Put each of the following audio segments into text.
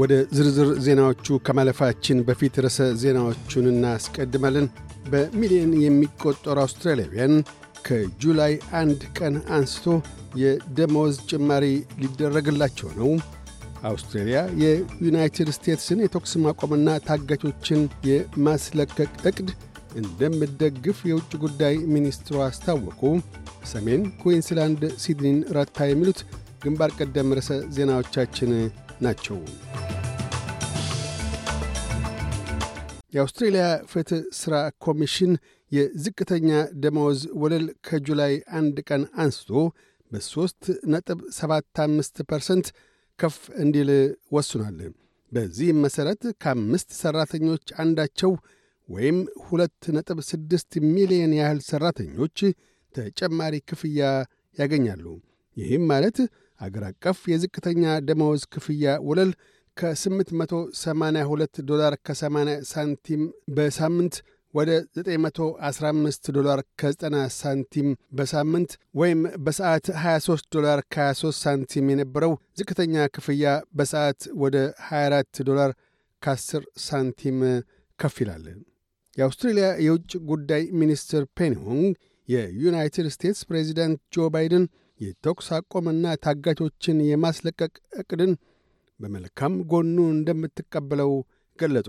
ወደ ዝርዝር ዜናዎቹ ከማለፋችን በፊት ርዕሰ ዜናዎቹን እናስቀድማለን። በሚሊዮን የሚቆጠሩ አውስትራሊያውያን ከጁላይ አንድ ቀን አንስቶ የደመወዝ ጭማሪ ሊደረግላቸው ነው። አውስትሬልያ የዩናይትድ ስቴትስን የተኩስ ማቆምና ታጋቾችን የማስለቀቅ እቅድ እንደምደግፍ የውጭ ጉዳይ ሚኒስትሩ አስታወቁ። ሰሜን ኩዊንስላንድ ሲድኒን ረታ የሚሉት ግንባር ቀደም ርዕሰ ዜናዎቻችን ናቸው። የአውስትሬልያ ፍትሕ ሥራ ኮሚሽን የዝቅተኛ ደመወዝ ወለል ከጁላይ አንድ ቀን አንስቶ በሦስት ነጥብ 75 ፐርሰንት ከፍ እንዲል ወስኗል። በዚህም መሠረት ከአምስት ሠራተኞች አንዳቸው ወይም 2.6 ሚሊዮን ያህል ሠራተኞች ተጨማሪ ክፍያ ያገኛሉ። ይህም ማለት አገር አቀፍ የዝቅተኛ ደመወዝ ክፍያ ወለል ከ882 ዶላር ከ80 ሳንቲም በሳምንት ወደ 915 ዶላር ከ90 ሳንቲም በሳምንት ወይም በሰዓት 23 ዶላር ከ23 ሳንቲም የነበረው ዝቅተኛ ክፍያ በሰዓት ወደ 24 ዶላር ከ10 ሳንቲም ከፍ ይላል። የአውስትሬልያ የውጭ ጉዳይ ሚኒስትር ፔኒሆንግ የዩናይትድ ስቴትስ ፕሬዚዳንት ጆ ባይደን የተኩስ አቆምና ታጋቾችን የማስለቀቅ ዕቅድን በመልካም ጎኑ እንደምትቀበለው ገለጡ።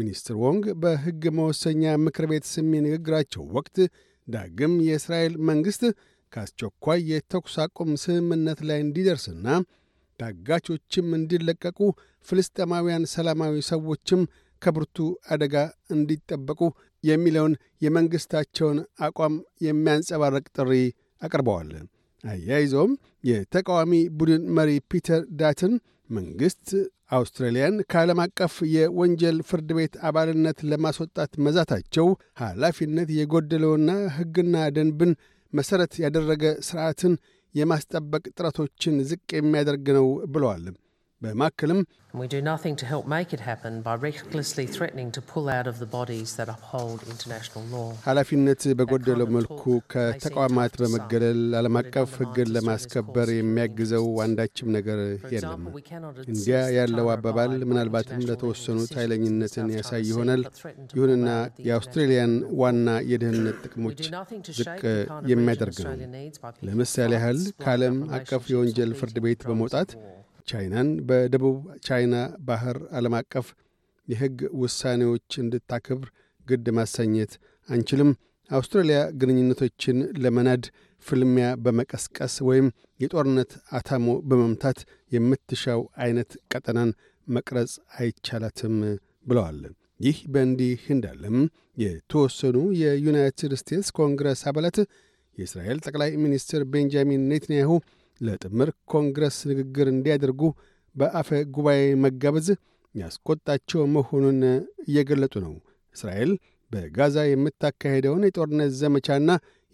ሚኒስትር ወንግ በሕግ መወሰኛ ምክር ቤት ስም ንግግራቸው ወቅት ዳግም የእስራኤል መንግሥት ከአስቸኳይ የተኩስ አቁም ስምምነት ላይ እንዲደርስና ታጋቾችም እንዲለቀቁ ፍልስጤማውያን ሰላማዊ ሰዎችም ከብርቱ አደጋ እንዲጠበቁ የሚለውን የመንግሥታቸውን አቋም የሚያንጸባርቅ ጥሪ አቅርበዋል። አያይዘውም የተቃዋሚ ቡድን መሪ ፒተር ዳትን መንግሥት አውስትራሊያን ከዓለም አቀፍ የወንጀል ፍርድ ቤት አባልነት ለማስወጣት መዛታቸው ኃላፊነት የጎደለውና ሕግና ደንብን መሠረት ያደረገ ሥርዓትን የማስጠበቅ ጥረቶችን ዝቅ የሚያደርግ ነው ብለዋል። በማከልም ኃላፊነት በጎደለው መልኩ ከተቋማት በመገለል ዓለም አቀፍ ሕግን ለማስከበር የሚያግዘው አንዳችም ነገር የለም። እንዲያ ያለው አባባል ምናልባትም ለተወሰኑት ኃይለኝነትን ያሳይ ይሆናል። ይሁንና የአውስትሬልያን ዋና የደህንነት ጥቅሞች ዝቅ የሚያደርግ ነው። ለምሳሌ ያህል ከዓለም አቀፍ የወንጀል ፍርድ ቤት በመውጣት ቻይናን በደቡብ ቻይና ባህር ዓለም አቀፍ የሕግ ውሳኔዎች እንድታከብር ግድ ማሰኘት አንችልም። አውስትራሊያ ግንኙነቶችን ለመናድ ፍልሚያ በመቀስቀስ ወይም የጦርነት አታሞ በመምታት የምትሻው አይነት ቀጠናን መቅረጽ አይቻላትም ብለዋል። ይህ በእንዲህ እንዳለም የተወሰኑ የዩናይትድ ስቴትስ ኮንግረስ አባላት የእስራኤል ጠቅላይ ሚኒስትር ቤንጃሚን ኔትንያሁ ለጥምር ኮንግረስ ንግግር እንዲያደርጉ በአፈ ጉባኤ መጋበዝ ያስቆጣቸው መሆኑን እየገለጡ ነው። እስራኤል በጋዛ የምታካሄደውን የጦርነት ዘመቻና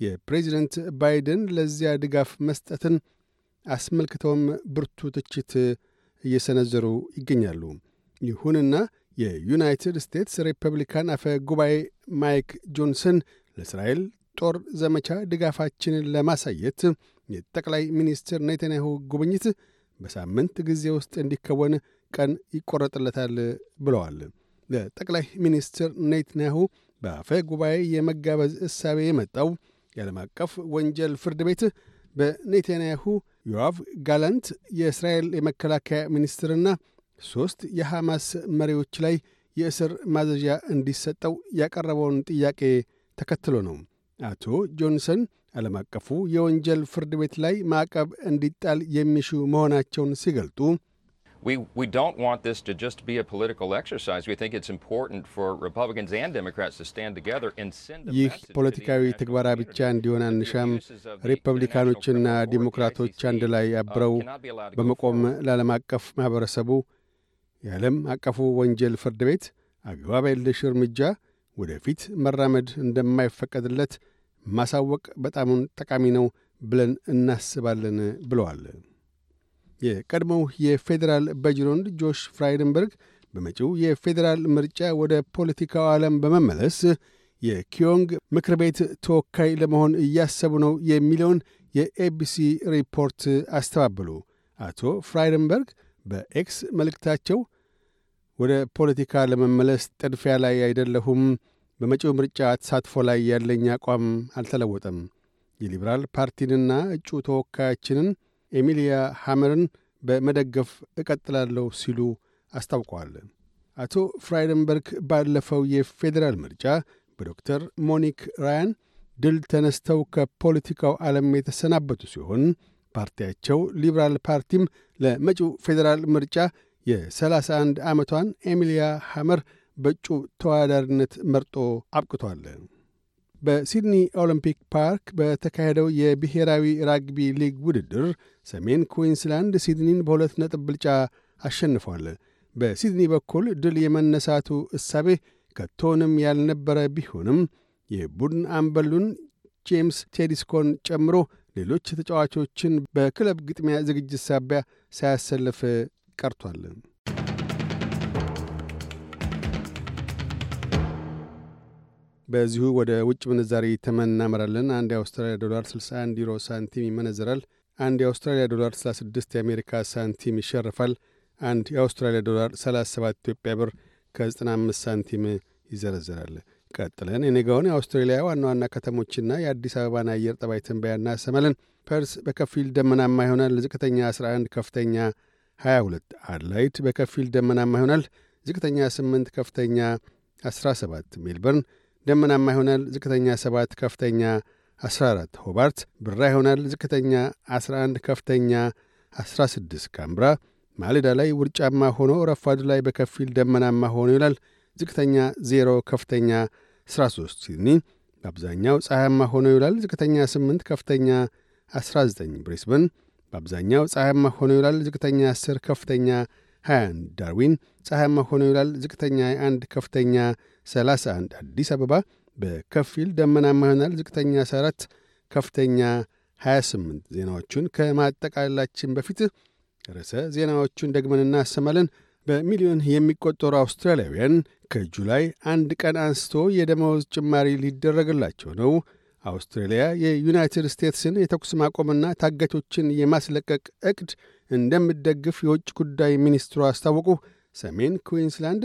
የፕሬዚደንት ባይደን ለዚያ ድጋፍ መስጠትን አስመልክተውም ብርቱ ትችት እየሰነዘሩ ይገኛሉ። ይሁንና የዩናይትድ ስቴትስ ሪፐብሊካን አፈ ጉባኤ ማይክ ጆንሰን ለእስራኤል ጦር ዘመቻ ድጋፋችንን ለማሳየት የጠቅላይ ሚኒስትር ኔተንያሁ ጉብኝት በሳምንት ጊዜ ውስጥ እንዲከወን ቀን ይቆረጥለታል ብለዋል። ለጠቅላይ ሚኒስትር ኔትንያሁ በአፈ ጉባኤ የመጋበዝ እሳቤ የመጣው የዓለም አቀፍ ወንጀል ፍርድ ቤት በኔተንያሁ ዮዋቭ ጋላንት የእስራኤል የመከላከያ ሚኒስትርና ሦስት የሐማስ መሪዎች ላይ የእስር ማዘዣ እንዲሰጠው ያቀረበውን ጥያቄ ተከትሎ ነው። አቶ ጆንሰን ዓለም አቀፉ የወንጀል ፍርድ ቤት ላይ ማዕቀብ እንዲጣል የሚሹ መሆናቸውን ሲገልጡ ይህ ፖለቲካዊ ተግባራ ብቻ እንዲሆን አንሻም። ሪፐብሊካኖችና ዲሞክራቶች አንድ ላይ አብረው በመቆም ለዓለም አቀፍ ማኅበረሰቡ የዓለም አቀፉ ወንጀል ፍርድ ቤት አግባብ የለሽ እርምጃ ወደፊት መራመድ እንደማይፈቀድለት ማሳወቅ በጣም ጠቃሚ ነው ብለን እናስባለን ብለዋል። የቀድሞው የፌዴራል በጅሮንድ ጆሽ ፍራይደንበርግ በመጪው የፌዴራል ምርጫ ወደ ፖለቲካው ዓለም በመመለስ የኪዮንግ ምክር ቤት ተወካይ ለመሆን እያሰቡ ነው የሚለውን የኤቢሲ ሪፖርት አስተባበሉ። አቶ ፍራይደንበርግ በኤክስ መልእክታቸው ወደ ፖለቲካ ለመመለስ ጥድፊያ ላይ አይደለሁም በመጪው ምርጫ ተሳትፎ ላይ ያለኝ አቋም አልተለወጠም። የሊበራል ፓርቲንና እጩ ተወካያችንን ኤሚሊያ ሃመርን በመደገፍ እቀጥላለሁ ሲሉ አስታውቀዋል። አቶ ፍራይደንበርግ ባለፈው የፌዴራል ምርጫ በዶክተር ሞኒክ ራያን ድል ተነስተው ከፖለቲካው ዓለም የተሰናበቱ ሲሆን ፓርቲያቸው ሊበራል ፓርቲም ለመጪው ፌዴራል ምርጫ የ31 ዓመቷን ኤሚሊያ ሃመር በእጩ ተወዳዳሪነት መርጦ አብቅቷል። በሲድኒ ኦሎምፒክ ፓርክ በተካሄደው የብሔራዊ ራግቢ ሊግ ውድድር ሰሜን ኩዊንስላንድ ሲድኒን በሁለት ነጥብ ብልጫ አሸንፏል። በሲድኒ በኩል ድል የመነሳቱ እሳቤ ከቶንም ያልነበረ ቢሆንም የቡድን አምበሉን ጄምስ ቴዲስኮን ጨምሮ ሌሎች ተጫዋቾችን በክለብ ግጥሚያ ዝግጅት ሳቢያ ሳያሰልፍ ቀርቷል። በዚሁ ወደ ውጭ ምንዛሪ ተመን እናመራለን። አንድ የአውስትራሊያ ዶላር 61 ዩሮ ሳንቲም ይመነዘራል። አንድ የአውስትራሊያ ዶላር 36 የአሜሪካ ሳንቲም ይሸርፋል። አንድ የአውስትራሊያ ዶላር 37 ኢትዮጵያ ብር ከ95 ሳንቲም ይዘረዘራል። ቀጥለን የነገውን የአውስትሬሊያ ዋና ዋና ከተሞችና የአዲስ አበባን አየር ጠባይ ትንበያ እናሰማለን። ፐርስ በከፊል ደመናማ ይሆናል። ዝቅተኛ 11፣ ከፍተኛ 22። አድላይት በከፊል ደመናማ ይሆናል። ዝቅተኛ 8፣ ከፍተኛ 17። ሜልበርን ደመናማ ይሆናል። ዝቅተኛ 7፣ ከፍተኛ 14። ሆባርት ብራ ይሆናል። ዝቅተኛ 11፣ ከፍተኛ 16። ካምብራ ማሌዳ ላይ ውርጫማ ሆኖ ረፋዱ ላይ በከፊል ደመናማ ሆኖ ይውላል። ዝቅተኛ 0፣ ከፍተኛ 13። ሲድኒ በአብዛኛው ፀሐያማ ሆኖ ይውላል። ዝቅተኛ 8፣ ከፍተኛ 19። ብሪስበን በአብዛኛው ፀሐያማ ሆኖ ይውላል። ዝቅተኛ 10፣ ከፍተኛ 21። ዳርዊን ፀሐያማ ሆኖ ይውላል። ዝቅተኛ 1 ከፍተኛ 31 አዲስ አበባ በከፊል ደመናማ ይሆናል። ዝቅተኛ 14፣ ከፍተኛ 28። ዜናዎቹን ከማጠቃለላችን በፊት ርዕሰ ዜናዎቹን ደግመን እናሰማለን። በሚሊዮን የሚቆጠሩ አውስትራሊያውያን ከጁላይ አንድ ቀን አንስቶ የደመወዝ ጭማሪ ሊደረግላቸው ነው። አውስትራሊያ የዩናይትድ ስቴትስን የተኩስ ማቆምና ታጋቾችን የማስለቀቅ ዕቅድ እንደምትደግፍ የውጭ ጉዳይ ሚኒስትሩ አስታወቁ። ሰሜን ኩዊንስላንድ